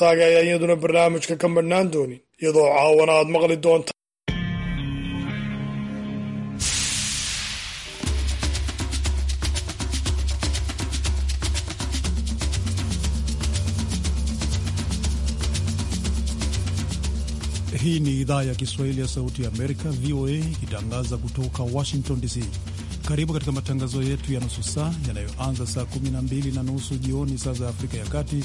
heesaaga ayaa iyaduna barnaamijka ka madhnaan doonin iyadoo caawana aad maqli doonta Hii ni idhaa ya Kiswahili ya Sauti ya Amerika, VOA, ikitangaza kutoka Washington DC. Karibu katika matangazo yetu ya nusu saa yanayoanza saa 12 na nusu jioni saa za Afrika ya Kati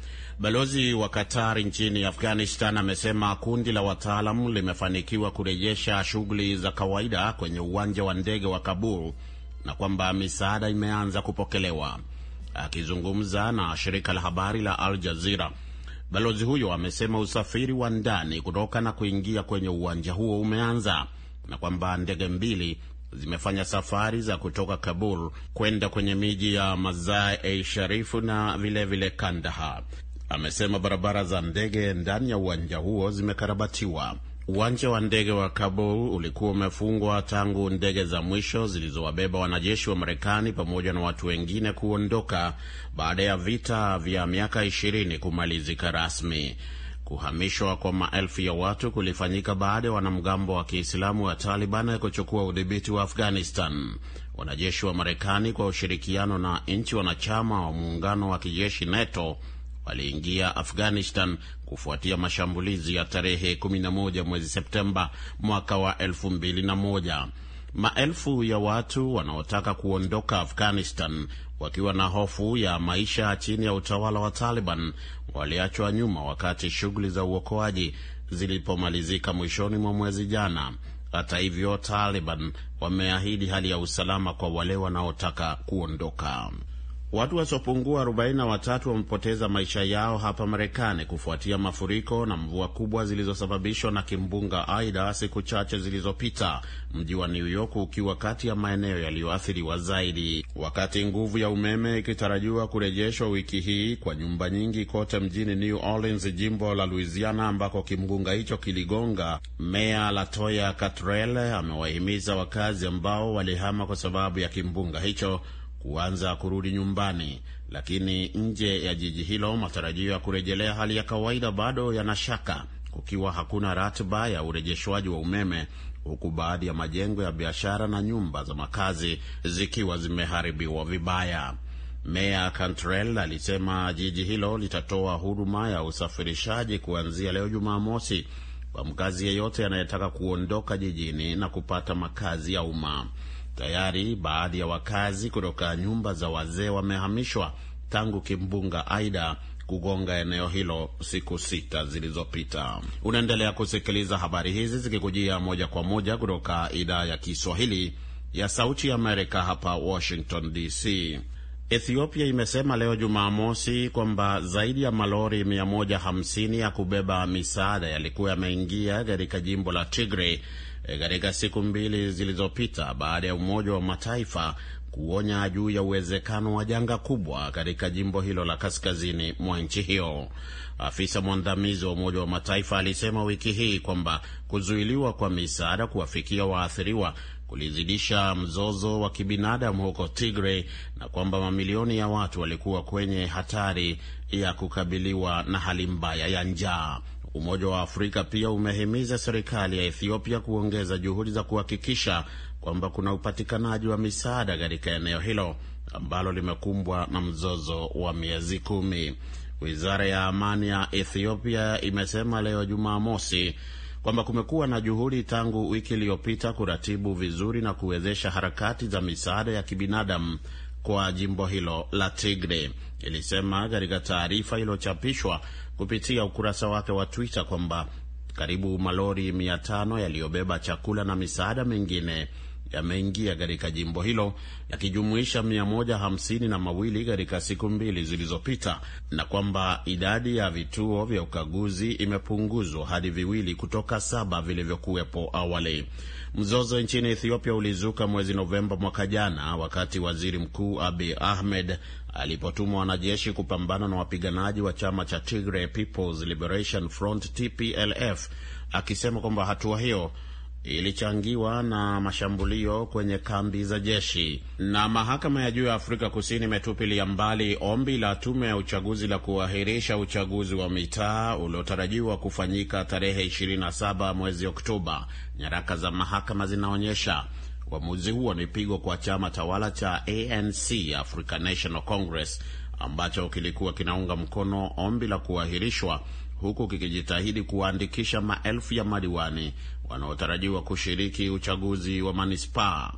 Balozi wa Qatar nchini Afghanistan amesema kundi la wataalam limefanikiwa kurejesha shughuli za kawaida kwenye uwanja wa ndege wa Kabul na kwamba misaada imeanza kupokelewa. Akizungumza na shirika la habari la Al Jazira, balozi huyo amesema usafiri wa ndani kutoka na kuingia kwenye uwanja huo umeanza na kwamba ndege mbili zimefanya safari za kutoka Kabul kwenda kwenye miji ya Mazar-e Sharifu na vilevile Kandahar amesema barabara za ndege ndani ya uwanja huo zimekarabatiwa. Uwanja wa ndege wa Kabul ulikuwa umefungwa tangu ndege za mwisho zilizowabeba wanajeshi wa Marekani pamoja na watu wengine kuondoka baada ya vita vya miaka ishirini kumalizika rasmi. Kuhamishwa kwa maelfu ya watu kulifanyika baada ya wanamgambo wa Kiislamu wa Taliban kuchukua udhibiti wa Afghanistan. Wanajeshi wa Marekani kwa ushirikiano na nchi wanachama wa muungano wa kijeshi NATO waliingia Afghanistan kufuatia mashambulizi ya tarehe 11 mwezi Septemba mwaka wa 2001. Maelfu ya watu wanaotaka kuondoka Afghanistan wakiwa na hofu ya maisha chini ya utawala wa Taliban waliachwa nyuma wakati shughuli za uokoaji zilipomalizika mwishoni mwa mwezi jana. Hata hivyo, Taliban wameahidi hali ya usalama kwa wale wanaotaka kuondoka. Watu wasiopungua 43 wamepoteza maisha yao hapa Marekani kufuatia mafuriko na mvua kubwa zilizosababishwa na kimbunga Aida siku chache zilizopita, mji wa New York ukiwa kati ya maeneo yaliyoathiriwa zaidi. Wakati nguvu ya umeme ikitarajiwa kurejeshwa wiki hii kwa nyumba nyingi kote mjini New Orleans, jimbo la Louisiana, ambako kimbunga hicho kiligonga, meya Latoya Catrell amewahimiza wakazi ambao walihama kwa sababu ya kimbunga hicho kuanza kurudi nyumbani, lakini nje ya jiji hilo matarajio ya kurejelea hali ya kawaida bado yanashaka kukiwa hakuna ratiba ya urejeshwaji wa umeme, huku baadhi ya majengo ya biashara na nyumba za makazi zikiwa zimeharibiwa vibaya. Meya Cantrell alisema jiji hilo litatoa huduma ya usafirishaji kuanzia leo Jumamosi kwa mkazi yeyote anayetaka kuondoka jijini na kupata makazi ya umma. Tayari baadhi ya wakazi kutoka nyumba za wazee wamehamishwa tangu kimbunga Aida kugonga eneo hilo siku sita zilizopita. Unaendelea kusikiliza habari hizi zikikujia moja kwa moja kutoka idhaa ya Kiswahili ya Sauti ya Amerika hapa Washington DC. Ethiopia imesema leo Jumamosi kwamba zaidi ya malori 150 ya kubeba misaada yalikuwa yameingia katika jimbo la Tigray E, katika siku mbili zilizopita baada ya Umoja wa Mataifa kuonya juu ya uwezekano wa janga kubwa katika jimbo hilo la kaskazini mwa nchi hiyo. Afisa mwandamizi wa Umoja wa Mataifa alisema wiki hii kwamba kuzuiliwa kwa misaada kuwafikia waathiriwa kulizidisha mzozo wa kibinadamu huko Tigray na kwamba mamilioni ya watu walikuwa kwenye hatari ya kukabiliwa na hali mbaya ya njaa. Umoja wa Afrika pia umehimiza serikali ya Ethiopia kuongeza juhudi za kuhakikisha kwamba kuna upatikanaji wa misaada katika eneo hilo ambalo limekumbwa na mzozo wa miezi kumi. Wizara ya amani ya Ethiopia imesema leo Jumamosi kwamba kumekuwa na juhudi tangu wiki iliyopita kuratibu vizuri na kuwezesha harakati za misaada ya kibinadamu kwa jimbo hilo la Tigre. Ilisema katika taarifa iliyochapishwa kupitia ukurasa wake wa Twitter kwamba karibu malori 500 yaliyobeba chakula na misaada mingine yameingia katika jimbo hilo yakijumuisha mia moja hamsini na mawili katika siku mbili zilizopita, na kwamba idadi ya vituo vya ukaguzi imepunguzwa hadi viwili kutoka saba vilivyokuwepo awali. Mzozo nchini Ethiopia ulizuka mwezi Novemba mwaka jana, wakati waziri mkuu abi Ahmed alipotumwa wanajeshi kupambana na wapiganaji wa chama cha Tigray People's Liberation Front TPLF, akisema kwamba hatua hiyo ilichangiwa na mashambulio kwenye kambi za jeshi. Na mahakama ya juu ya Afrika Kusini imetupilia mbali ombi la tume ya uchaguzi la kuahirisha uchaguzi wa mitaa uliotarajiwa kufanyika tarehe 27 mwezi Oktoba, nyaraka za mahakama zinaonyesha. Uamuzi huo ni pigo kwa chama tawala cha ANC, African National Congress, ambacho kilikuwa kinaunga mkono ombi la kuahirishwa huku kikijitahidi kuwaandikisha maelfu ya madiwani wanaotarajiwa kushiriki uchaguzi wa manispaa.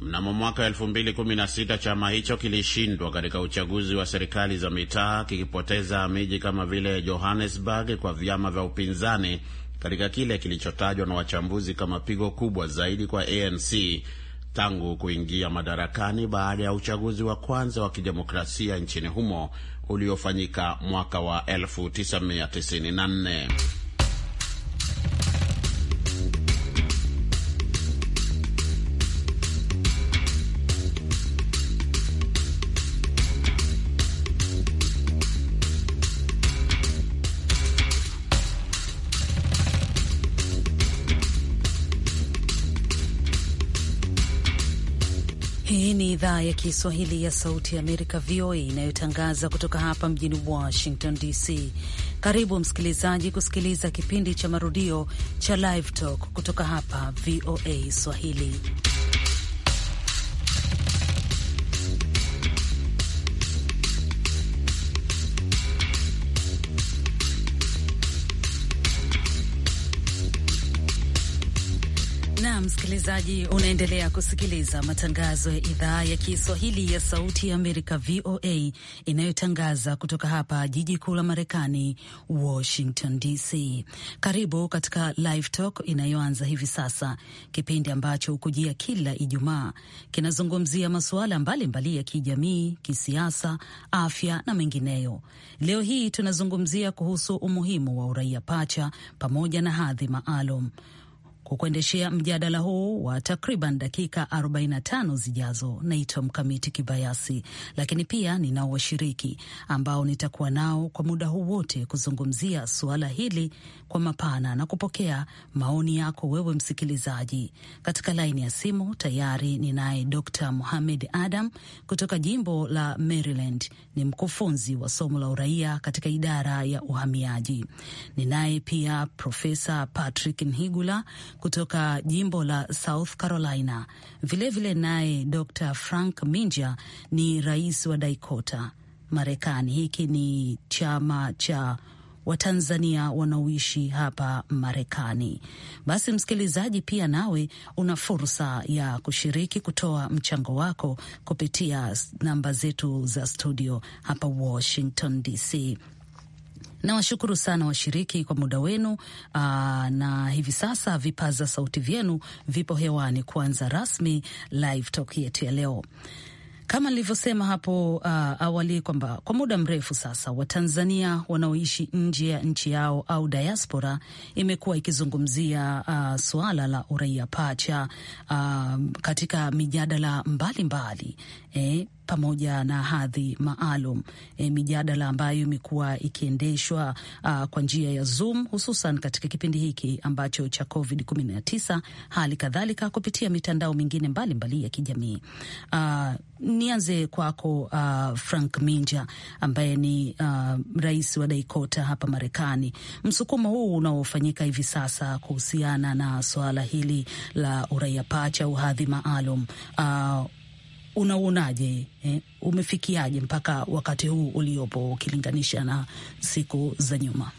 Mnamo mwaka 2016 chama hicho kilishindwa katika uchaguzi wa serikali za mitaa kikipoteza miji kama vile Johannesburg kwa vyama vya upinzani katika kile kilichotajwa na wachambuzi kama pigo kubwa zaidi kwa ANC tangu kuingia madarakani baada ya uchaguzi wa kwanza wa kidemokrasia nchini humo uliofanyika mwaka wa 1994. idhaa ya Kiswahili ya Sauti ya Amerika, VOA, inayotangaza kutoka hapa mjini Washington DC. Karibu msikilizaji kusikiliza kipindi cha marudio cha Live Talk kutoka hapa VOA Swahili. msikilizaji, unaendelea kusikiliza matangazo ya idhaa ya Kiswahili ya Sauti ya Amerika, VOA, inayotangaza kutoka hapa jiji kuu la Marekani, Washington DC. Karibu katika Live Talk inayoanza hivi sasa, kipindi ambacho hukujia kila Ijumaa, kinazungumzia masuala mbalimbali ya kijamii, kisiasa, afya na mengineyo. Leo hii tunazungumzia kuhusu umuhimu wa uraia pacha pamoja na hadhi maalum kukuendeshea mjadala huu wa takriban dakika 45 zijazo. Naitwa Mkamiti Kibayasi, lakini pia ninao washiriki ambao nitakuwa nao kwa muda huu wote kuzungumzia suala hili kwa mapana na kupokea maoni yako wewe msikilizaji. Katika laini ya simu tayari ninaye Dr. muhamed Adam kutoka jimbo la Maryland, ni mkufunzi wa somo la uraia katika idara ya uhamiaji. Ninaye pia Profesa Patrick Nhigula kutoka jimbo la South Carolina. Vilevile naye Dr Frank Minja ni rais wa daikota Marekani. Hiki ni chama cha Watanzania wanaoishi hapa Marekani. Basi msikilizaji, pia nawe una fursa ya kushiriki kutoa mchango wako kupitia namba zetu za studio hapa Washington DC. Nawashukuru sana washiriki kwa muda wenu. Aa, ah, na hivi sasa vipaza sauti vyenu vipo hewani kuanza rasmi live talk yetu ya leo. Kama nilivyosema hapo uh, awali kwamba kwa muda mrefu sasa Watanzania wanaoishi nje ya nchi yao au diaspora imekuwa ikizungumzia uh, suala la uraia pacha uh, katika mijadala mbalimbali eh, pamoja na hadhi maalum. E, mijadala ambayo imekuwa ikiendeshwa uh, kwa njia ya Zoom hususan katika kipindi hiki ambacho cha Covid 19, hali kadhalika kupitia mitandao mingine mbalimbali mbali ya kijamii. Uh, nianze kwako uh, Frank Minja ambaye ni uh, rais wa Daikota hapa Marekani. Msukumo huu unaofanyika hivi sasa kuhusiana na suala hili la uraia pacha au hadhi maalum uh, unauonaje eh? Umefikiaje mpaka wakati huu uliopo ukilinganisha na siku za nyuma?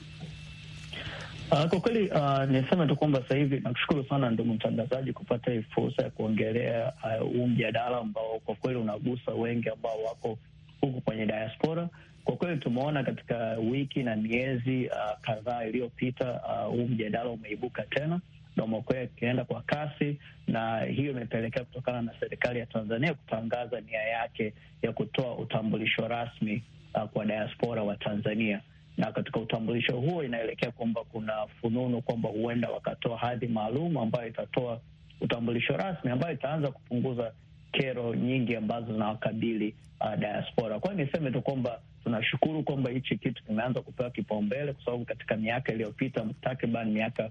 Uh, kwa kweli uh, niseme tu kwamba sasa hivi nakushukuru sana ndugu mtangazaji kupata hii fursa ya kuongelea ah, huu uh, mjadala ambao kwa kweli unagusa wengi ambao wako huku kwenye diaspora. Kwa kweli tumeona katika wiki na miezi uh, kadhaa iliyopita huu uh, mjadala umeibuka tena Somokwea ikienda kwa kasi, na hiyo imepelekea kutokana na serikali ya Tanzania kutangaza nia yake ya kutoa utambulisho rasmi uh, kwa diaspora wa Tanzania na katika utambulisho huo inaelekea kwamba kuna fununu kwamba huenda wakatoa hadhi maalum ambayo itatoa utambulisho rasmi ambayo itaanza kupunguza kero nyingi ambazo zinawakabili uh, diaspora. Kwa hiyo niseme tu kwamba tunashukuru kwamba hichi kitu kimeanza kupewa kipaumbele, kwa sababu katika miaka iliyopita takriban miaka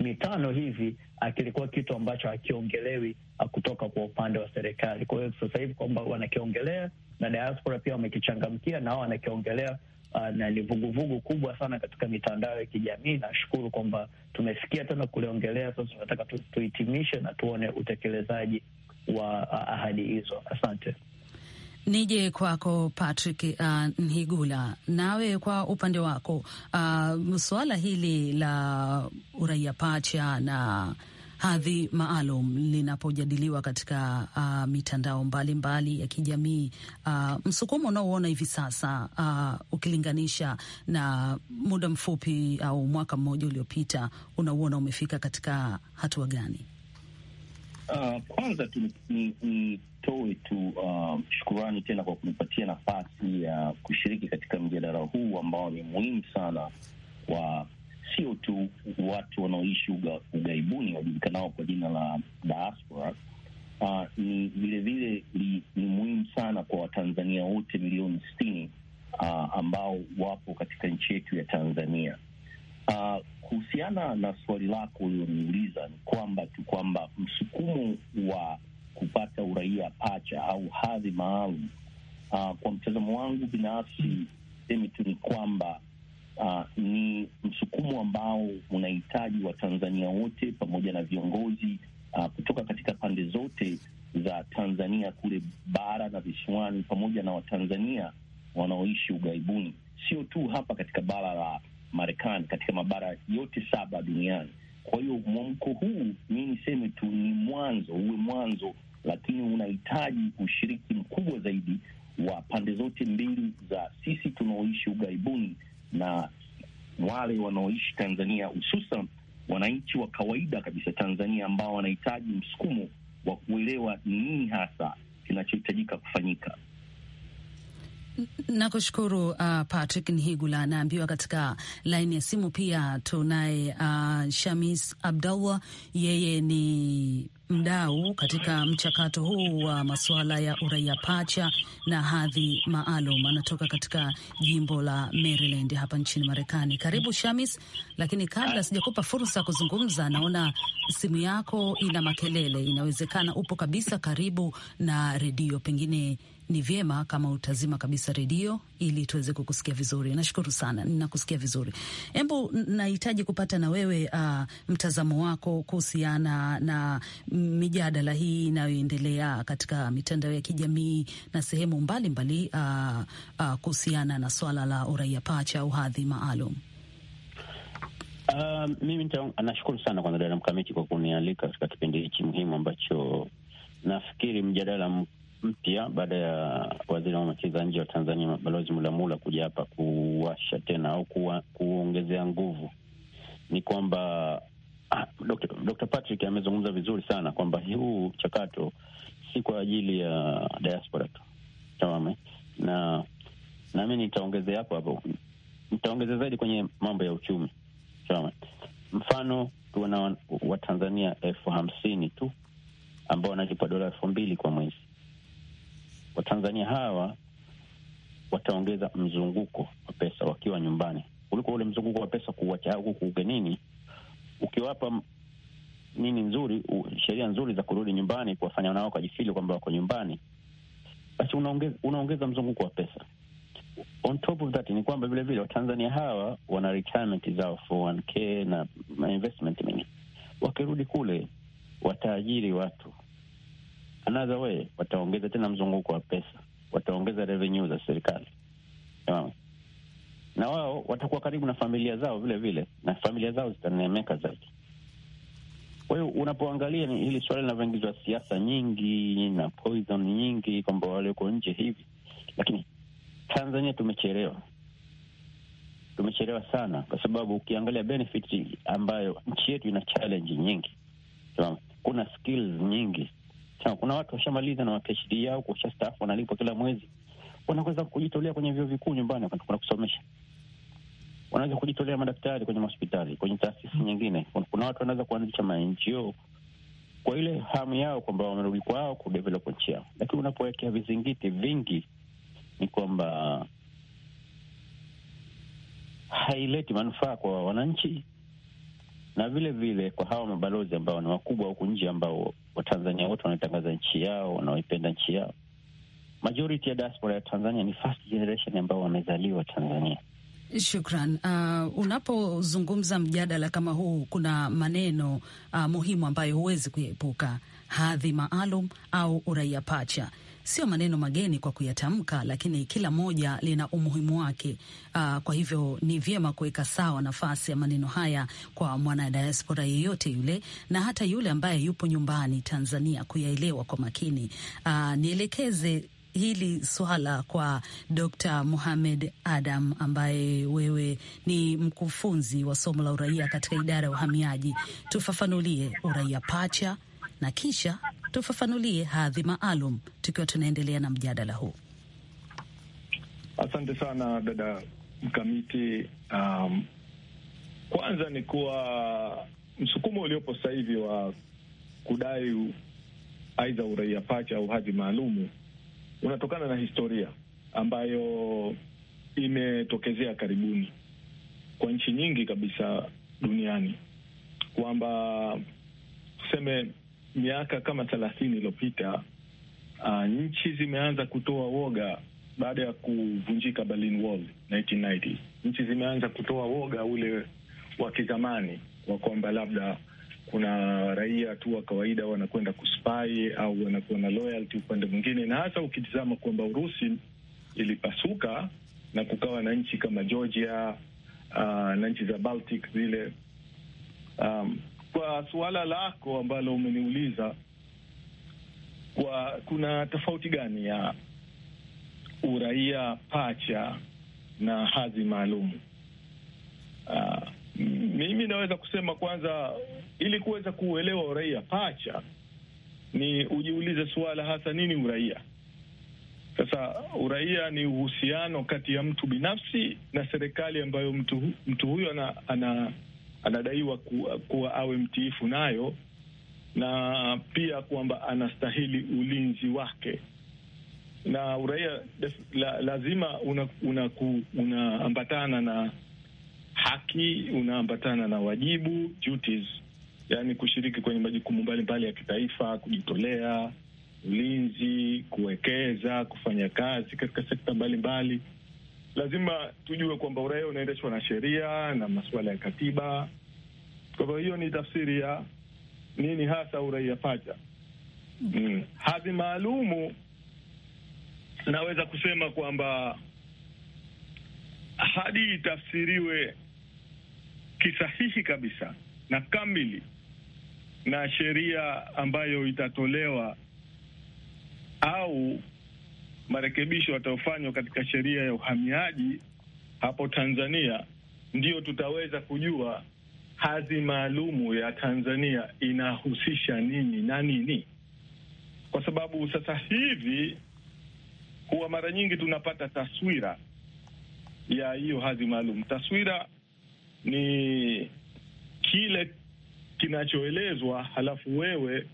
mitano hivi kilikuwa kitu ambacho hakiongelewi kutoka kwa upande wa serikali. Kwa hiyo sasa hivi kwamba wanakiongelea na diaspora pia wamekichangamkia na wao wanakiongelea uh, na ni vuguvugu kubwa sana katika mitandao ya kijamii. Nashukuru kwamba tumesikia tena kuliongelea sasa, tunataka tuhitimishe na tuone utekelezaji wa uh, ahadi hizo. Asante. Nije kwako Patrick uh, Nhigula, nawe kwa upande wako uh, suala hili la uraia pacha na hadhi maalum linapojadiliwa katika uh, mitandao mbalimbali mbali ya kijamii uh, msukumo unaouona hivi sasa uh, ukilinganisha na muda mfupi au mwaka mmoja uliopita, unauona umefika katika hatua gani? Uh, kwanza nitoe tu uh, shukurani tena kwa kunipatia nafasi ya uh, kushiriki katika mjadala huu ambao ni muhimu sana kwa sio tu watu wanaoishi uga, ughaibuni wajulikanao kwa jina la diaspora. Uh, ni vilevile ni muhimu sana kwa Watanzania wote milioni sitini uh, ambao wapo katika nchi yetu ya Tanzania. Ah, kuhusiana na swali lako ulioniuliza, ni kwamba tu kwamba msukumo wa kupata uraia pacha au hadhi maalum, uh, kwa mtazamo wangu binafsi, semi tu ni kwamba uh, ni msukumo ambao unahitaji Watanzania wote pamoja na viongozi uh, kutoka katika pande zote za Tanzania kule bara na visiwani, pamoja na Watanzania wanaoishi ughaibuni, sio tu hapa katika bara la Marekani katika mabara yote saba duniani. Kwa hiyo mwamko huu, mi niseme tu ni mwanzo, uwe mwanzo, lakini unahitaji ushiriki mkubwa zaidi wa pande zote mbili za sisi tunaoishi ughaibuni na wale wanaoishi Tanzania, hususan wananchi wa kawaida kabisa Tanzania ambao wanahitaji msukumo wa kuelewa nini hasa kinachohitajika kufanyika. Nakushukuru uh, Patrick Nhigula. Naambiwa katika laini ya simu pia tunaye uh, Shamis Abdallah, yeye ni mdau katika mchakato huu wa masuala ya uraia pacha na hadhi maalum. Anatoka katika jimbo la Maryland hapa nchini Marekani. Karibu Shamis, lakini kabla sijakupa fursa ya kuzungumza, naona simu yako ina makelele. Inawezekana upo kabisa karibu na redio, pengine ni vyema kama utazima kabisa redio ili tuweze kukusikia vizuri. Nashukuru sana, ninakusikia vizuri. Hebu nahitaji kupata na wewe uh, mtazamo wako kuhusiana na mijadala hii inayoendelea katika mitandao ya kijamii na sehemu mbalimbali ah, ah, kuhusiana na swala la uraia pacha au hadhi maalum. Uh, mimi nashukuru sana kwanza dada Mkamiti kwa kunialika katika kipindi hichi muhimu ambacho nafikiri mjadala mpya baada ya waziri wa mambo ya nje wa Tanzania Balozi Mulamula kuja hapa kuwasha tena au kuongezea nguvu ni kwamba ah, Dr. Patrick amezungumza vizuri sana kwamba huu mchakato si kwa ajili ya diaspora tu, tamam. Eh? Na nami nitaongezea hapo hapo, nitaongezea zaidi kwenye mambo ya uchumi, tamam. Eh? Mfano tuwe na Watanzania elfu hamsini tu ambao wanalipa dola elfu mbili kwa mwezi Watanzania hawa wataongeza mzunguko wa pesa wakiwa nyumbani kuliko ule mzunguko wa pesa kuwacha huku ugenini. Ukiwapa nini nzuri, sheria nzuri za kurudi nyumbani, kuwafanya nao kajifili kwamba wako nyumbani, basi unaongeza, unaongeza mzunguko wa pesa. On top of that ni kwamba vile vile Watanzania hawa wana retirement zao 401k na investment mingi, wakirudi kule wataajiri watu another way, wataongeza tena mzunguko wa pesa, wataongeza revenue za serikali yeah. Na wao watakuwa karibu na familia zao vile vile, na familia zao zitanemeka zaidi. Kwa hiyo unapoangalia ni hili suala linavyoingizwa siasa nyingi na poison nyingi, kwamba walioko nje hivi, lakini Tanzania tumechelewa, tumechelewa sana, kwa sababu ukiangalia benefit ambayo nchi yetu ina challenge nyingi, kuna skills nyingi chao. Kuna watu washamaliza na PhD yao kwa ushastaafu, wanalipwa kila mwezi, wanaweza kujitolea kwenye vyuo vikuu nyumbani, kuna kusomesha, wanaweza kujitolea madaktari kwenye mahospitali, kwenye taasisi mm. nyingine. Kuna watu wanaweza kuanzisha manjio kwa ile hamu yao kwamba wamerudi kwao kudevelop nchi yao, lakini unapowekea vizingiti vingi ni kwamba haileti manufaa kwa wananchi na vile vile kwa hawa mabalozi ambao ni wakubwa huku nje ambao Watanzania wote wanaitangaza nchi yao, wanaoipenda nchi yao. Majority ya diaspora ya Tanzania ni first generation ambao wamezaliwa Tanzania. Shukran. Uh, unapozungumza mjadala kama huu, kuna maneno uh, muhimu ambayo huwezi kuyaepuka: hadhi maalum au uraia pacha sio maneno mageni kwa kuyatamka, lakini kila moja lina umuhimu wake. Uh, kwa hivyo ni vyema kuweka sawa nafasi ya maneno haya kwa mwanadiaspora yeyote yule na hata yule ambaye yupo nyumbani Tanzania kuyaelewa kwa makini. Uh, nielekeze hili swala kwa Dr. muhamed Adam ambaye wewe ni mkufunzi wa somo la uraia katika idara ya uhamiaji. Tufafanulie uraia pacha na kisha tufafanulie hadhi maalum, tukiwa tunaendelea na mjadala huu. Asante sana dada Mkamiti. Um, kwanza ni kuwa msukumo uliopo sasa hivi wa kudai aidha uraia pacha au hadhi maalumu unatokana na historia ambayo imetokezea karibuni kwa nchi nyingi kabisa duniani, kwamba tuseme miaka kama thelathini iliyopita uh, nchi zimeanza kutoa woga baada ya kuvunjika Berlin Wall 1990. Nchi zimeanza kutoa woga ule wa kizamani wa kwamba labda kuna raia tu wa kawaida wanakwenda kuspai au wanakuwa na loyalty upande mwingine, na hasa ukitizama kwamba Urusi ilipasuka na kukawa na nchi kama Georgia uh, na nchi za Baltic zile um, kwa suala lako ambalo umeniuliza kwa kuna tofauti gani ya uraia pacha na hadhi maalum? Uh, mimi naweza kusema kwanza, ili kuweza kuuelewa uraia pacha ni ujiulize suala hasa nini uraia. Sasa uraia ni uhusiano kati ya mtu binafsi na serikali ambayo mtu, mtu huyo ana, ana anadaiwa kuwa, kuwa awe mtiifu nayo na pia kwamba anastahili ulinzi wake na uraia la, lazima unaambatana una, una na haki unaambatana na wajibu duties, yani kushiriki kwenye majukumu mbalimbali ya kitaifa, kujitolea, ulinzi, kuwekeza, kufanya kazi katika sekta mbalimbali mbali lazima tujue kwamba uraia unaendeshwa na sheria na masuala ya katiba. Kwa hivyo hiyo ni tafsiri ya nini hasa uraia pacha. Mm. Hadhi maalumu, naweza kusema kwamba hadi itafsiriwe kisahihi kabisa na kamili na sheria ambayo itatolewa au marekebisho yatayofanywa katika sheria ya uhamiaji hapo Tanzania, ndiyo tutaweza kujua hadhi maalumu ya Tanzania inahusisha nini na nini, kwa sababu sasa hivi huwa mara nyingi tunapata taswira ya hiyo hadhi maalum. Taswira ni kile kinachoelezwa, halafu wewe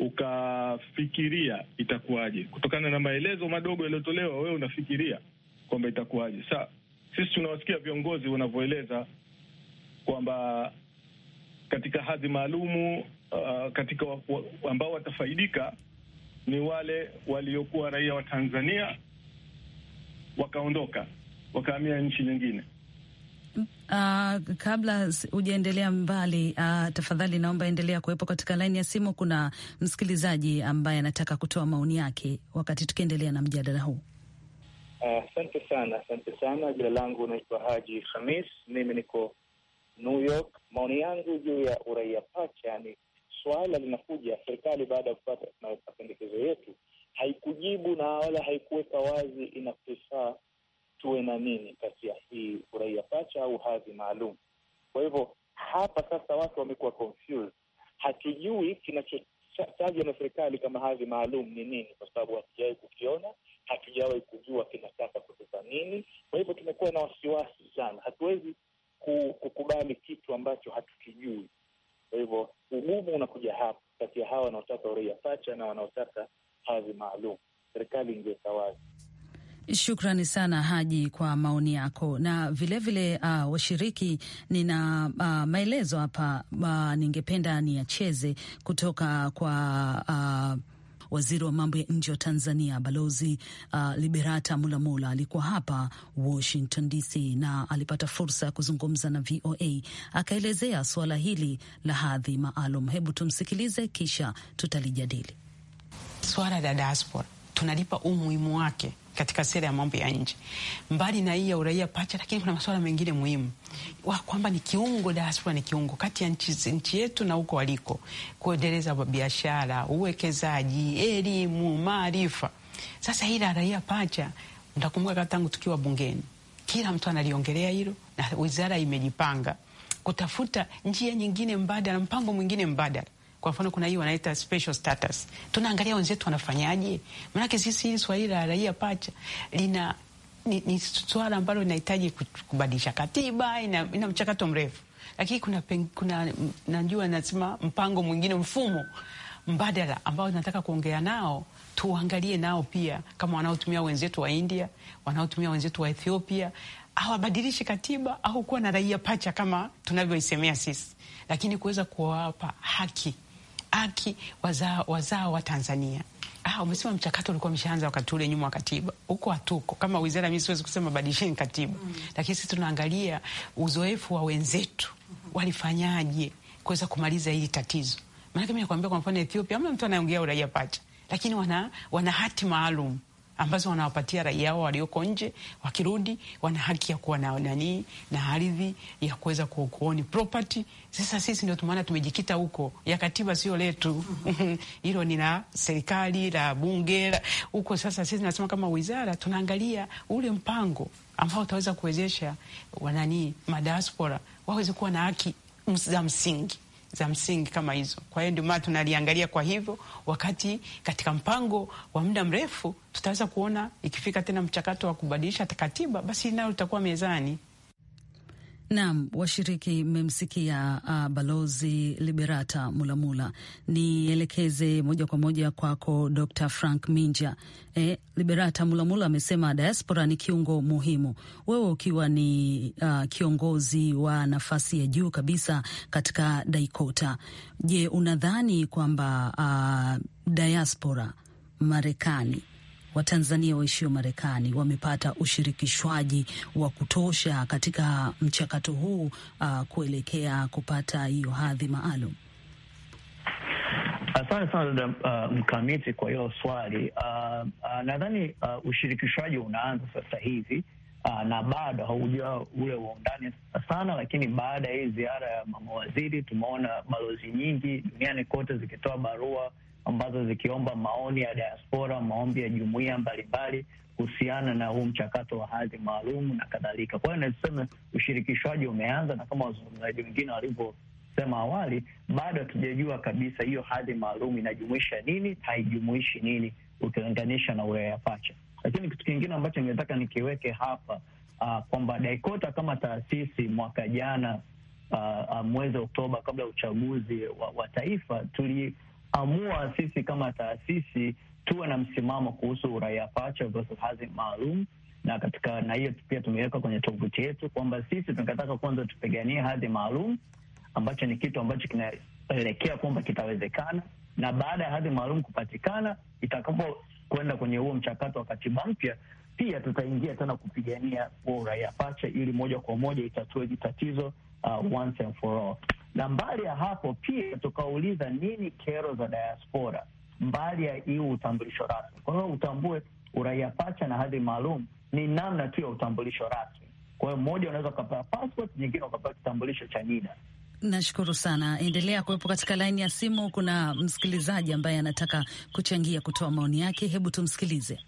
ukafikiria itakuwaje, kutokana na maelezo madogo yaliyotolewa, wewe unafikiria kwamba itakuwaje. Sa sisi tunawasikia viongozi wanavyoeleza kwamba katika hadhi maalumu uh, katika wa, wa, ambao watafaidika ni wale waliokuwa raia wa Tanzania wakaondoka wakahamia nchi nyingine. Uh, kabla hujaendelea mbali uh, tafadhali naomba endelea kuwepo katika laini ya simu. Kuna msikilizaji ambaye anataka kutoa maoni yake wakati tukiendelea na mjadala huu. Uh, asante uh, sana. Asante sana. Jina langu naitwa Haji Hamis, mimi niko New York. Maoni yangu juu ya uraia pacha ni swala linakuja, serikali baada ya kupata mapendekezo yetu haikujibu na wala haikuweka wazi ina tuwe na nini kati ya hii uraia pacha au hadhi maalum. Kwa hivyo hapa sasa watu wamekuwa confused, hatujui kinachotajwa na serikali kama hadhi maalum ni nini, kwa sababu hatujawahi kukiona, hatujawahi kujua kinataka kusema nini. Kwa hivyo tumekuwa na wasiwasi sana, hatuwezi kukubali kitu ambacho hatukijui. Kwa hivyo ugumu unakuja hapa kati ya hawa wanaotaka uraia pacha na wanaotaka hadhi maalum. Serikali ingeweka wazi Shukrani sana Haji kwa maoni yako na vilevile vile, uh, washiriki nina uh, maelezo hapa uh, ningependa niyacheze kutoka kwa uh, waziri wa mambo ya nje wa Tanzania Balozi uh, Liberata Mulamula alikuwa hapa Washington DC na alipata fursa ya kuzungumza na VOA akaelezea suala hili la hadhi maalum. Hebu tumsikilize, kisha tutalijadili suala la diaspora, tunalipa umuhimu wake katika sera ya mambo ya nje. Mbali na hii ya uraia pacha, lakini kuna masuala mengine muhimu wa kwamba ni kiungo, diaspora ni kiungo kati ya nchi, nchi yetu na huko waliko, kuendeleza biashara, uwekezaji, elimu, maarifa. Sasa hili la raia pacha, mtakumbuka tangu tukiwa bungeni kila mtu analiongelea hilo, na wizara imejipanga kutafuta njia nyingine mbadala, mpango mwingine mbadala kwa mfano kuna hii wanaita special status, tunaangalia wenzetu wanafanyaje, manake sisi hili swahili la raia pacha lina ni, ni swala ambalo inahitaji kubadilisha katiba, ina, ina mchakato mrefu, lakini kuna, kuna najua nasema mpango mwingine, mfumo mbadala ambao nataka kuongea nao, tuangalie nao pia, kama wanaotumia wenzetu wa India, wanaotumia wenzetu wa Ethiopia hawabadilishi katiba au kuwa na raia pacha kama tunavyoisemea sisi, lakini kuweza kuwapa haki haki wazao wazao wa Tanzania. Ah, umesema mchakato ulikuwa umeshaanza wakati ule nyuma wa katiba. Huko hatuko. Kama wizara mimi siwezi kusema badilisheni katiba. Mm. Lakini sisi tunaangalia uzoefu wa wenzetu. Mm-hmm. Walifanyaje kuweza kumaliza hili tatizo? Maana kama nakwambia kwa mfano Ethiopia, hamna mtu anaongea uraia pacha. Lakini wana wana hati maalum ambazo wanawapatia raia wao walioko nje. Wakirudi wana haki ya kuwa na nanii na ardhi ya kuweza kuoni property. Sasa sisi ndio maana tumejikita huko, ya katiba sio letu hilo ni la serikali la bunge huko. Sasa sisi nasema kama wizara tunaangalia ule mpango ambao utaweza kuwezesha wanani madiaspora waweze kuwa na haki za msingi za msingi kama hizo. Kwa hiyo ndio maana tunaliangalia kwa hivyo, wakati katika mpango wa muda mrefu tutaweza kuona ikifika tena mchakato wa kubadilisha katiba, basi nayo litakuwa mezani. Naam, washiriki mmemsikia uh, Balozi Liberata Mulamula. Nielekeze moja kwa moja kwako Dr. Frank Minja. Eh, Liberata Mulamula amesema diaspora ni kiungo muhimu. Wewe ukiwa ni uh, kiongozi wa nafasi ya juu kabisa katika Daikota, je, unadhani kwamba uh, diaspora Marekani Watanzania waishio Marekani wamepata ushirikishwaji wa kutosha katika mchakato huu uh, kuelekea kupata hiyo hadhi maalum? Asante sana dada uh, Mkamiti, kwa hilo swali. Uh, uh, nadhani uh, ushirikishwaji unaanza sasa hivi uh, na bado haujua ule undani sana, lakini baada ya hii ziara ya mamawaziri tumeona balozi nyingi duniani kote zikitoa barua ambazo zikiomba maoni ya diaspora, maombi ya jumuia mbalimbali kuhusiana na huu mchakato wa hadhi maalum na kadhalika. Kwa hiyo nasema ushirikishwaji umeanza, na kama wazungumzaji wengine walivyosema awali, bado hatujajua kabisa hiyo hadhi maalum inajumuisha nini, haijumuishi nini, ukilinganisha na wilaya Pacha. Lakini kitu kingine ambacho ningetaka nikiweke hapa uh, kwamba DAIKOTA kama taasisi mwaka jana uh, mwezi Oktoba kabla ya uchaguzi wa, wa taifa tuli amua sisi kama taasisi tuwe na msimamo kuhusu uraia pacha versus hadhi maalum na katika na hiyo pia tumeweka kwenye tovuti yetu kwamba sisi tunataka kwanza tupiganie hadhi maalum, ambacho ni kitu ambacho kinaelekea kwamba kitawezekana, na baada ya hadhi maalum kupatikana, itakapo kwenda kwenye huo mchakato wa katiba mpya, pia tutaingia tena kupigania huo uraia pacha, ili moja kwa moja itatue tatizo uh, once and for all na mbali ya hapo pia tukauliza nini kero za diaspora, mbali ya hiyo utambulisho rasmi. Kwa hiyo utambue uraia pacha na hadhi maalum ni namna tu ya utambulisho rasmi. Kwa hiyo mmoja unaweza ukapewa passport, nyingine ukapewa kitambulisho cha NIDA. Nashukuru sana, endelea kuwepo katika laini ya simu. Kuna msikilizaji ambaye anataka kuchangia kutoa maoni yake, hebu tumsikilize.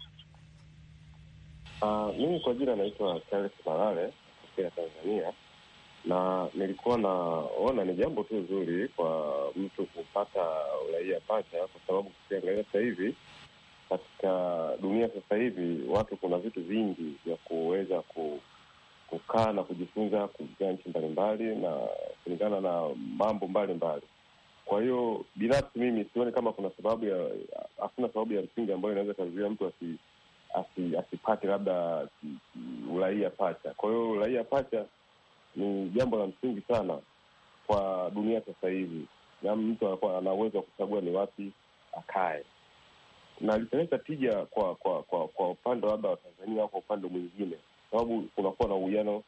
Uh, mimi kwa jina naitwa Charles Malale kutokea Tanzania na nilikuwa naona ni jambo tu zuri kwa mtu kupata uraia pacha, kwa sababu kukiangalia sasa hivi katika dunia sasa hivi watu, kuna vitu vingi vya kuweza ku, kukaa na kujifunza kuja nchi mbalimbali na kulingana na mambo mbalimbali. Kwa hiyo binafsi mimi sioni kama kuna sababu ya, hakuna sababu ya msingi ambayo inaweza kazuia mtu asi, asi, asipate labda uraia pacha. Kwa hiyo uraia pacha ni jambo la msingi sana kwa dunia sasa hivi, na mtu anakuwa ana uwezo wa kuchagua ni wapi akae, na litaleta tija kwa kwa kwa kwa upande labda wa Tanzania au kwa upande mwingine, sababu kunakuwa na uwiano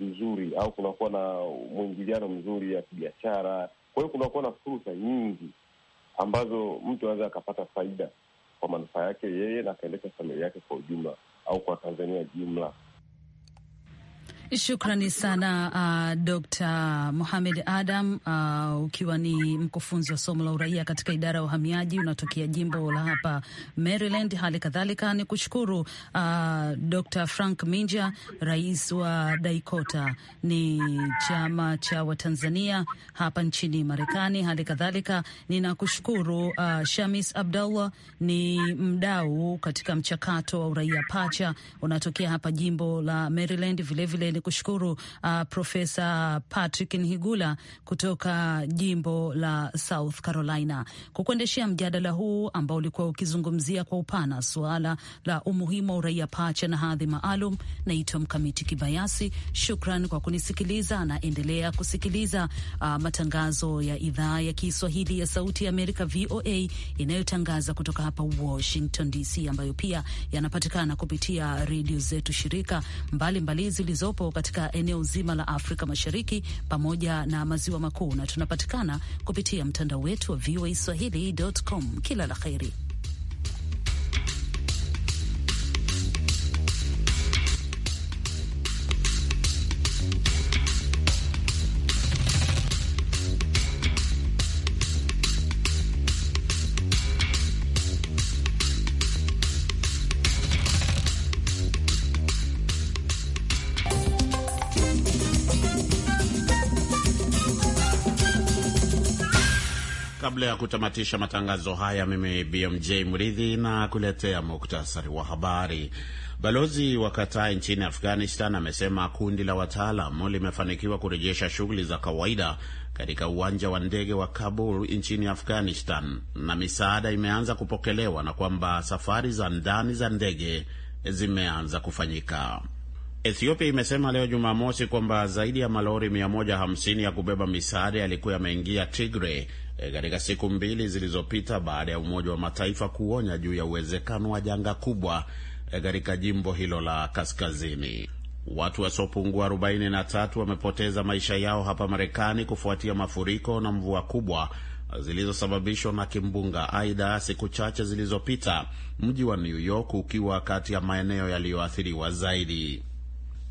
mzuri au kunakuwa na mwingiliano mzuri ya kibiashara. Kwa hiyo kunakuwa na fursa nyingi ambazo mtu anaweza akapata faida kwa manufaa yake yeye na akaendesha familia yake kwa ujumla au kwa Tanzania jumla. Shukrani sana uh, Dr. Muhamed Adam uh, ukiwa ni mkufunzi wa somo la uraia katika idara ya uhamiaji unatokea jimbo la hapa Maryland. Hali kadhalika ni kushukuru uh, Dr. Frank Minja, rais wa Daikota, ni chama cha Watanzania hapa nchini Marekani. Hali kadhalika ninakushukuru uh, Shamis Abdallah, ni mdau katika mchakato wa uraia pacha, unatokea hapa jimbo la Maryland vilevile ni kushukuru uh, Profesa Patrick Nhigula kutoka jimbo la South Carolina kwa kuendeshea mjadala huu ambao ulikuwa ukizungumzia kwa upana suala la umuhimu wa uraia pacha na hadhi maalum. Naitwa Mkamiti Kibayasi, shukran kwa kunisikiliza. Naendelea kusikiliza uh, matangazo ya idhaa ya Kiswahili ya Sauti ya Amerika, VOA, inayotangaza kutoka hapa Washington DC, ambayo pia yanapatikana kupitia redio zetu shirika mbalimbali zilizopo katika eneo zima la Afrika Mashariki pamoja na maziwa makuu, na tunapatikana kupitia mtandao wetu wa voa swahilicom Kila la kheri kutamatisha matangazo haya, mimi BMJ Mridhi na kuletea muktasari wa habari. Balozi wa Kataa nchini Afghanistan amesema kundi la wataalam limefanikiwa kurejesha shughuli za kawaida katika uwanja wa ndege wa Kabul nchini Afghanistan na misaada imeanza kupokelewa na kwamba safari za ndani za ndege zimeanza kufanyika. Ethiopia imesema leo Jumamosi kwamba zaidi ya malori 150 ya kubeba misaada yalikuwa yameingia Tigre katika siku mbili zilizopita baada ya Umoja wa Mataifa kuonya juu ya uwezekano wa janga kubwa e, katika jimbo hilo la kaskazini. Watu wasiopungua 43 wamepoteza maisha yao hapa Marekani kufuatia mafuriko na mvua kubwa zilizosababishwa na kimbunga Aida siku chache zilizopita, mji wa New York ukiwa kati ya maeneo yaliyoathiriwa zaidi.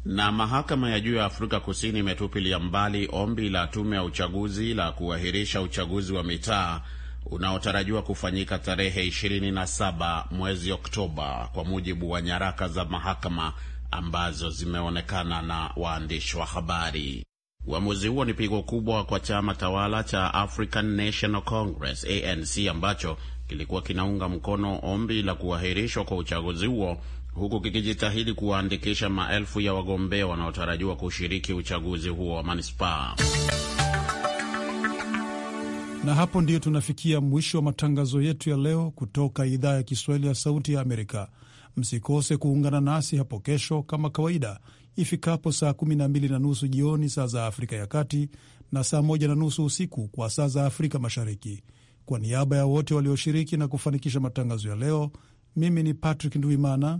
Na mahakama ya juu ya Afrika Kusini imetupilia mbali ombi la tume ya uchaguzi la kuahirisha uchaguzi wa mitaa unaotarajiwa kufanyika tarehe 27 mwezi Oktoba, kwa mujibu wa nyaraka za mahakama ambazo zimeonekana na waandishi wa habari. Uamuzi huo ni pigo kubwa kwa chama tawala cha African National Congress ANC ambacho kilikuwa kinaunga mkono ombi la kuahirishwa kwa uchaguzi huo huku kikijitahidi kuwaandikisha maelfu ya wagombea wanaotarajiwa kushiriki uchaguzi huo wa manispaa. Na hapo ndiyo tunafikia mwisho wa matangazo yetu ya leo kutoka idhaa ya Kiswahili ya Sauti ya Amerika. Msikose kuungana nasi hapo kesho kama kawaida ifikapo saa 12 na nusu jioni saa za Afrika ya Kati na saa moja na nusu usiku kwa saa za Afrika Mashariki. Kwa niaba ya wote walioshiriki na kufanikisha matangazo ya leo, mimi ni Patrick Ndwimana